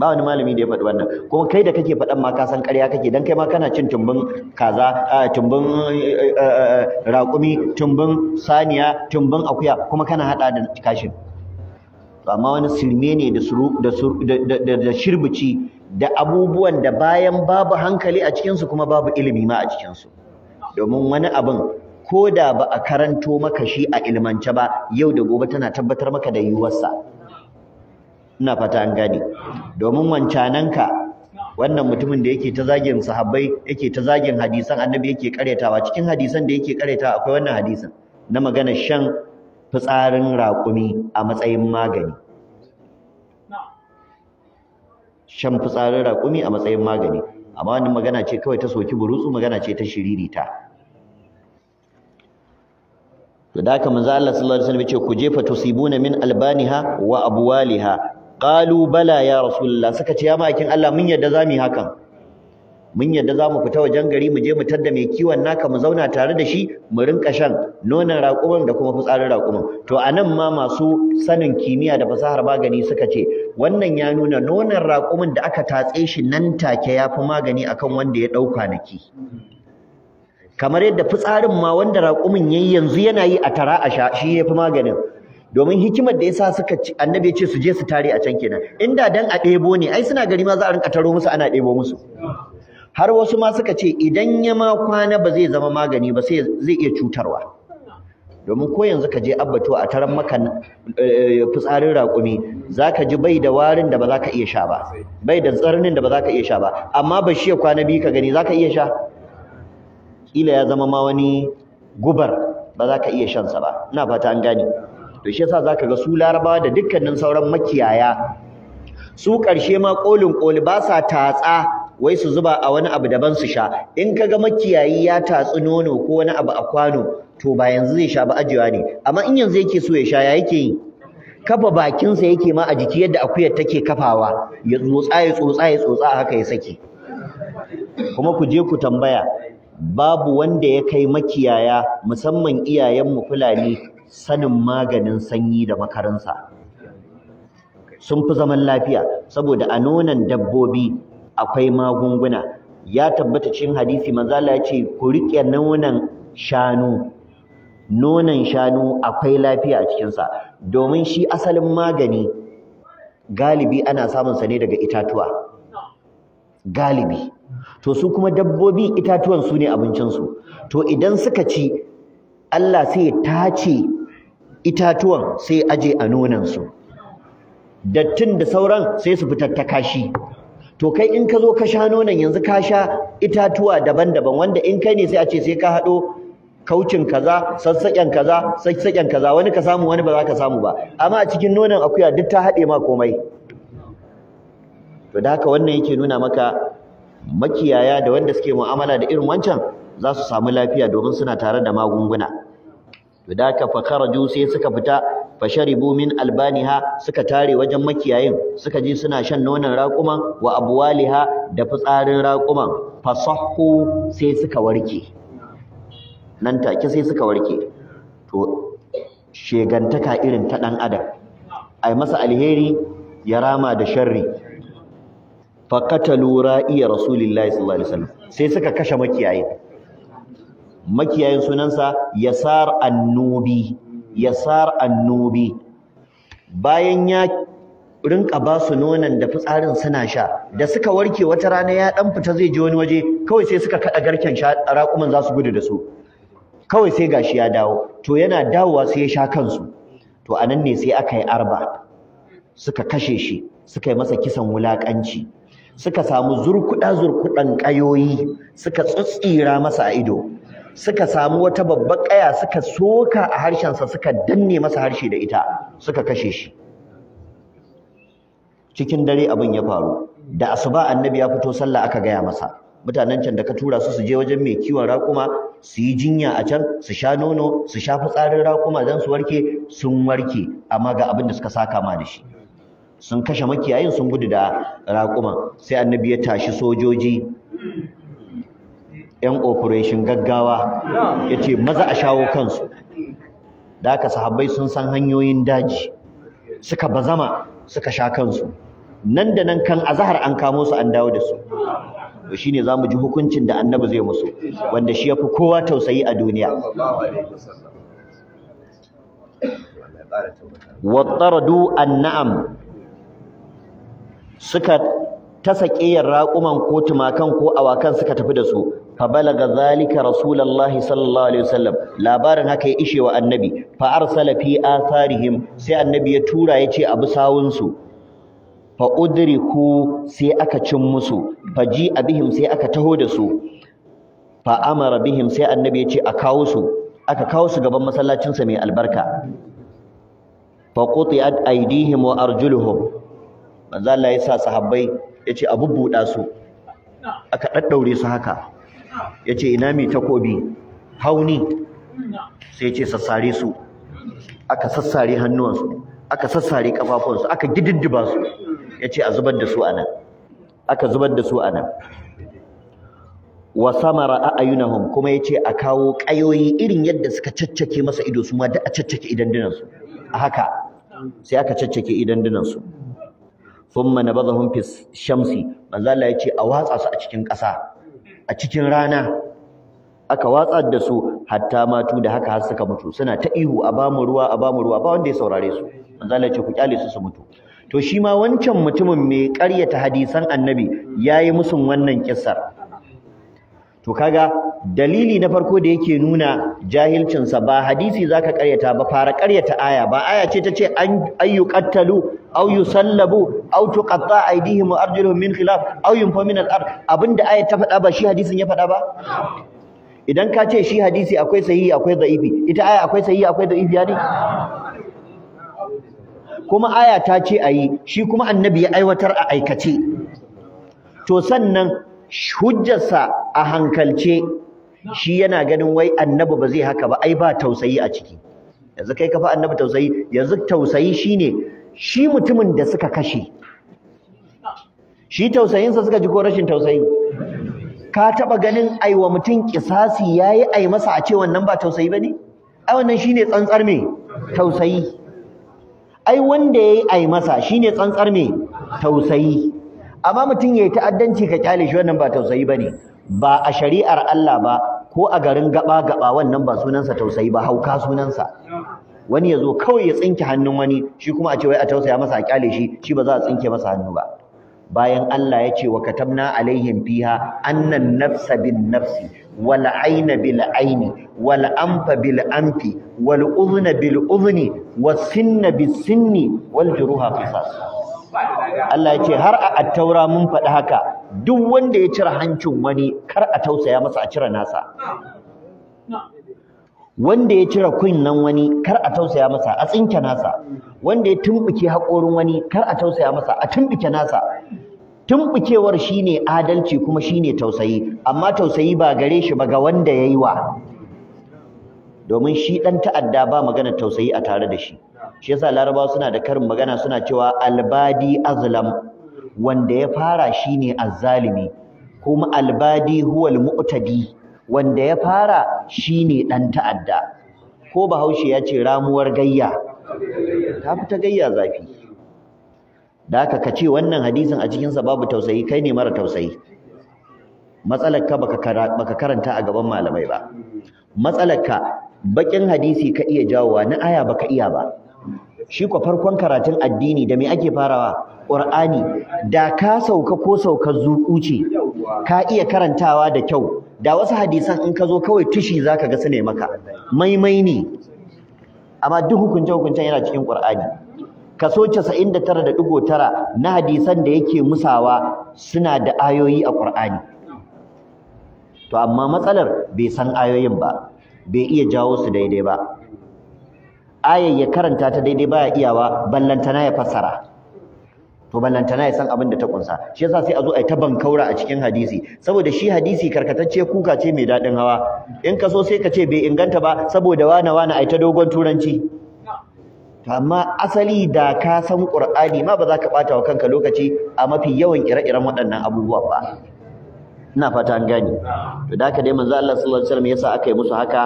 ba wani malami da ya faɗi wannan kuma kai da kake faɗan ma ka san ƙarya kake dan kai ma kana cin tumbin kaza tumbin raƙumi tumbin saniya tumbin akuya kuma kana hada da kashin to amma wani sirme ne da da da shirbici da abubuwan da bayan babu hankali a cikinsu kuma babu ilimi ma a cikinsu domin wani abin ko da ba a karanto maka shi a ilmance ba yau da gobe tana tabbatar maka da yiwuwarsa ina fata an gane domin wancananka wannan mutumin da yake ta zagin sahabbai yake ta zagin hadisan annabi yake karyatawa cikin hadisan da yake karyatawa akwai wannan hadisan. na magana shan fitsarin raƙumi a matsayin magani shan fitsarin raƙumi a matsayin magani amma wannan magana ce kawai ta soki burutsu magana ce ta shiririta to da haka manzo Allah sallallahu alaihi wasallam ya ku jefa tusibuna min albaniha wa abwaliha qalu bala ya rasulullah suka ce ya makin Allah mun yadda zamu yi hakan mun yadda zamu fita wajen gari mu je mu tadda mai kiwon naka mu zauna tare da shi mu rinka shan nonon raƙumin da kuma fitsarin raƙumin to anan ma masu sanin kimiyya da fasahar magani suka ce wannan ya nuna nonon raƙumin da aka tatse shi nan take yafi magani akan wanda ya dauka naki kamar yadda fitsarin ma wanda raƙumin yayi yanzu yana yi a tara a sha shi yafi maganin domin hikimar da yasa suka annabi ya ce su je su tare a can kenan inda dan a debo ne ai suna gari ma za a rinka taro musu ana debo musu har wasu ma suka ce idan ya ma kwana ba zai zama magani ba sai zai iya cutarwa domin ko yanzu ka je abbato a taran maka eh, fitsarin raƙumi zaka ji bai da warin da ba za ka iya sha ba bai da tsarnin da ba za ka iya sha ba amma ba shi ya kwana biyu ka gani za ka iya sha kila ya zama ma wani gubar ba za ka iya shansa ba ina fata an gane to shi yasa zaka ga su larabawa da dukkanin sauran makiyaya su ƙarshe ma kolin koli ba sa tatsa wai su zuba a wani abu daban su sha in ka ga makiyayi ya tatsi nono ko wani abu a kwano to ba yanzu zai sha ba ajiwa ne amma in yanzu yake so ya sha ya yake yi kafa bakinsa yake ma a jiki yadda akuyar take kafawa ya tsotsa ya tsotsa ya tsotsa haka ya saki kuma ku je ku tambaya babu wanda ya kai makiyaya musamman iyayenmu Fulani sanin maganin sanyi da makaransa sun fi zaman lafiya saboda a nonon dabbobi akwai magunguna ya tabbata cikin hadisi manzala ya ce ku riƙe nonon shanu nonon shanu akwai lafiya a cikinsa domin shi asalin magani galibi ana samunsa ne daga itatuwa galibi to su kuma dabbobi itatuwan su ne abincinsu to idan suka ci Allah sai ya tace itatuwan sai aje a nonansu dattin da sauran sai su fitar ta kashi to kai in ka zo ka sha nonon yanzu ka sha itatuwa daban-daban wanda in kai ne sai a ce sai ka haɗo kaucin kaza sassaƙen kaza sassaƙen kaza wani ka samu wani ba za ka samu ba amma a cikin nonon akuya duk ta haɗe ma komai to da haka wannan yake nuna maka makiyaya da wanda suke mu'amala da irin wancan za su samu lafiya domin suna tare da magunguna to da ka fa kharaju sai suka fita fa sharibu min albaniha suka tare wajen makiyayin suka je suna shan nonon raƙuman wa abwaliha da fitsarin raƙuman fa sahhu sai suka warke nan take sai suka warke to shegantaka irin ta dan adam ai masa alheri ya rama da sharri faqatalu iya rasulillahi sallallahu alaihi wasallam sai suka kashe makiyayin makiyayin sunansa yasar annubi yasar annubi bayan ya rinka ba su nonon da fitsarin suna sha da suka warke wata rana ya dan fita zai je wani waje kawai sai suka kada garken sha raƙuman za su gudu da su kawai sai gashi ya dawo to yana dawowa sai ya sha kansu to anan ne sai aka yi arba suka kashe shi suka yi masa kisan wulaƙanci suka samu zurkuɗa zurkuɗan ƙayoyi suka tsutsira masa a ido suka samu wata babbar ƙaya suka soka a harshen sa suka danne masa harshe da ita suka kashe shi cikin dare abin ya faru da asuba annabi ya fito sallah aka gaya masa mutanen can da ka tura su su je wajen mai kiwon raƙuma su yi jinya a can su sha nono su sha fitsarin raƙuma dan su warke sun warke amma ga abin da suka saka ma da shi sun kashe makiyayin sun gudu da raƙuman sai annabi ya tashi sojoji yan operation gaggawa ya ce maza a shawo kansu da aka sahabbai sun san hanyoyin daji suka bazama suka sha kansu nan da nan kan azahar an kamo su an dawo da su to shine zamu ji hukuncin da annabi zai musu wanda shi yafi kowa tausayi a duniya Wa an na'am suka ta sakiyar raƙuman ko tumakan ko awakan suka tafi da su fa balaga zalika rasulullahi sallallahu alaihi wasallam labarin haka ya ishe wa annabi fa arsala fi atharihim sai annabi ya tura ya ce abu sawun su fa udriku sai aka cin musu fa ji abihim sai aka taho da su fa amara bihim sai annabi ya ce a kawo su aka kawo su gaban masallacinsa mai albarka fa qutiat aydihim wa arjuluhum manzo Allah ya sa sahabbai yace a bubbuda su aka daddaure su haka yace ina mai takobi hauni sai yace sassare su aka sassare hannuwansu aka sassare kafafunsu aka gididdiba su yace a zubar da su anan aka zubar da su anan wa samara a'yunahum kuma yace a kawo kayoyi irin yadda suka caccake masa ido su ma da a caccake idan dinan a haka sai aka caccake idan dinansu ثم نبضهم في shamsi manzo Allah yace a watsa su a cikin ƙasa a cikin rana aka watsa da su hatta matu da haka har suka mutu suna ta ihu a bamu ruwa a bamu ruwa ba wanda ya saurare su manzo Allah yace ku kyale su su mutu to shi ma wancan mutumin mai ƙaryata hadisan annabi yayi musun wannan kissar to kaga dalili na farko da yake nuna jahilcinsa ba hadisi zaka karyata ba fara karyata aya ba aya ce ta ce an ayyuqattalu aw yusallabu aw tuqatta aydihim wa arjuluhum min khilaf aw yunfa min al-ard abinda aya ta faɗa ba shi hadisin ya faɗa ba idan ka ce shi hadisi akwai sahihi akwai dha'ifi ita aya akwai sahihi akwai dha'ifi ya ne kuma aya ta ce ayi shi kuma annabi ya aiwatar a aikace to sannan hujjarsa a hankalce shi yana ganin wai annabi ba zai haka ba ai ba tausayi a ciki yanzu kai ka fa annabi tausayi yanzu tausayi shine shi mutumin da suka kashe shi tausayinsa suka ji ko rashin tausayi ka taba ganin ai wa mutum kisasi yayi ai masa a ce wannan ba tausayi bane ai wannan shine tsantsar me tausayi ai wanda yayi ai masa shine tsantsar me tausayi amma mutum yayi ta'addanci ka kyale shi wannan ba tausayi bane ba a shari'ar Allah ba ko a garin gaba gaba wannan ba sunansa tausayi ba hauka sunansa wani ya zo kawai ya tsinke hannun wani shi kuma a ce wai a tausaya masa a kyale shi shi ba za a tsinke masa hannu ba bayan Allah ya ce wa katamna alaihim fiha annan nafsa bin nafsi wal ayna bil ayni wal anfa bil anfi wal udhna bil udhni was sinna bis sinni wal juruha qisas Allah ya ce har a attaura mun faɗi haka duk wanda ya cire hancin wani kar a tausaya masa a cire nasa wanda ya cire kunnen wani kar a tausaya masa a tsinke nasa wanda ya tumbuke haƙorin wani kar a tausaya masa a tumbuke nasa tumbukewar shine adalci kuma shine tausayi amma tausayi ba gare shi ba ga wanda yayi wa domin shi dan ta'adda ba maganar tausayi a tare da shi shi yasa laraba suna da karin magana suna cewa albadi azlam wanda ya fara shine azzalimi kuma albadi huwal mu'tadi wanda ya fara shine dan ta'adda ko bahaushe ya ce ramuwar gayya ta fita gayya zafi da haka ka ce wannan hadisin a cikinsa babu tausayi kai ne mara tausayi Matsalar ka baka karanta a gaban malamai ba Matsalar ka, bakin hadisi ka iya jawowa na aya baka iya ba shi ko farkon karatun addini da me ake farawa Qur'ani da ka sauka ko sauka zuƙuce ka iya karantawa da kyau da wasu hadisan in ka zo kawai tushi zaka ga su ne maka maimai ne amma duk hukunce hukuncen yana cikin Qur'ani kaso 99.9 na hadisan da yake musawa suna da ayoyi a Qur'ani to amma matsalar bai san ayoyin ba bai iya jawo su daidai ba ayar ya karanta ta daidai baya iyawa ballantana ya fassara to ballantana ya san abin da ta kunsa shi yasa sai a zo a ta bankaura a cikin hadisi saboda shi hadisi karkatacce kuka ce mai daɗin hawa in ka so sai ka ce bai inganta ba saboda wana wana ai ta dogon turanci amma asali da ka san qur'ani ma ba za ka bata wa kanka lokaci a mafi yawan ire-iren waɗannan abubuwa ba ina fata an gani. to da haka dai manzo Allah sallallahu alaihi wasallam yasa aka yi musu haka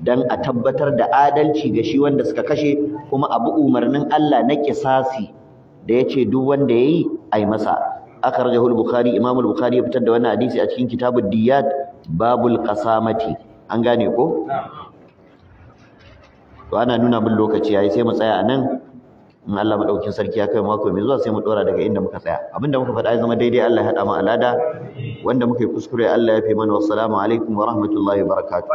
dan a tabbatar da adalci ga shi wanda suka kashe kuma abu umarnin Allah na kisasi da yace duk wanda yayi ai masa akhrajahu al-bukhari imam al-bukhari ya fitar da wannan hadisi a cikin kitabud diyat babul qasamati an gane ko to ana nuna bin lokaci yayi sai mu tsaya anan in Allah madaukin sarki ya kai mako mai zuwa sai mu dora daga inda muka tsaya abinda muka faɗa ya zama daidai Allah ya hada mu alada wanda muka yi kuskure Allah ya fi mana wassalamu alaikum wa rahmatullahi wa barakatuh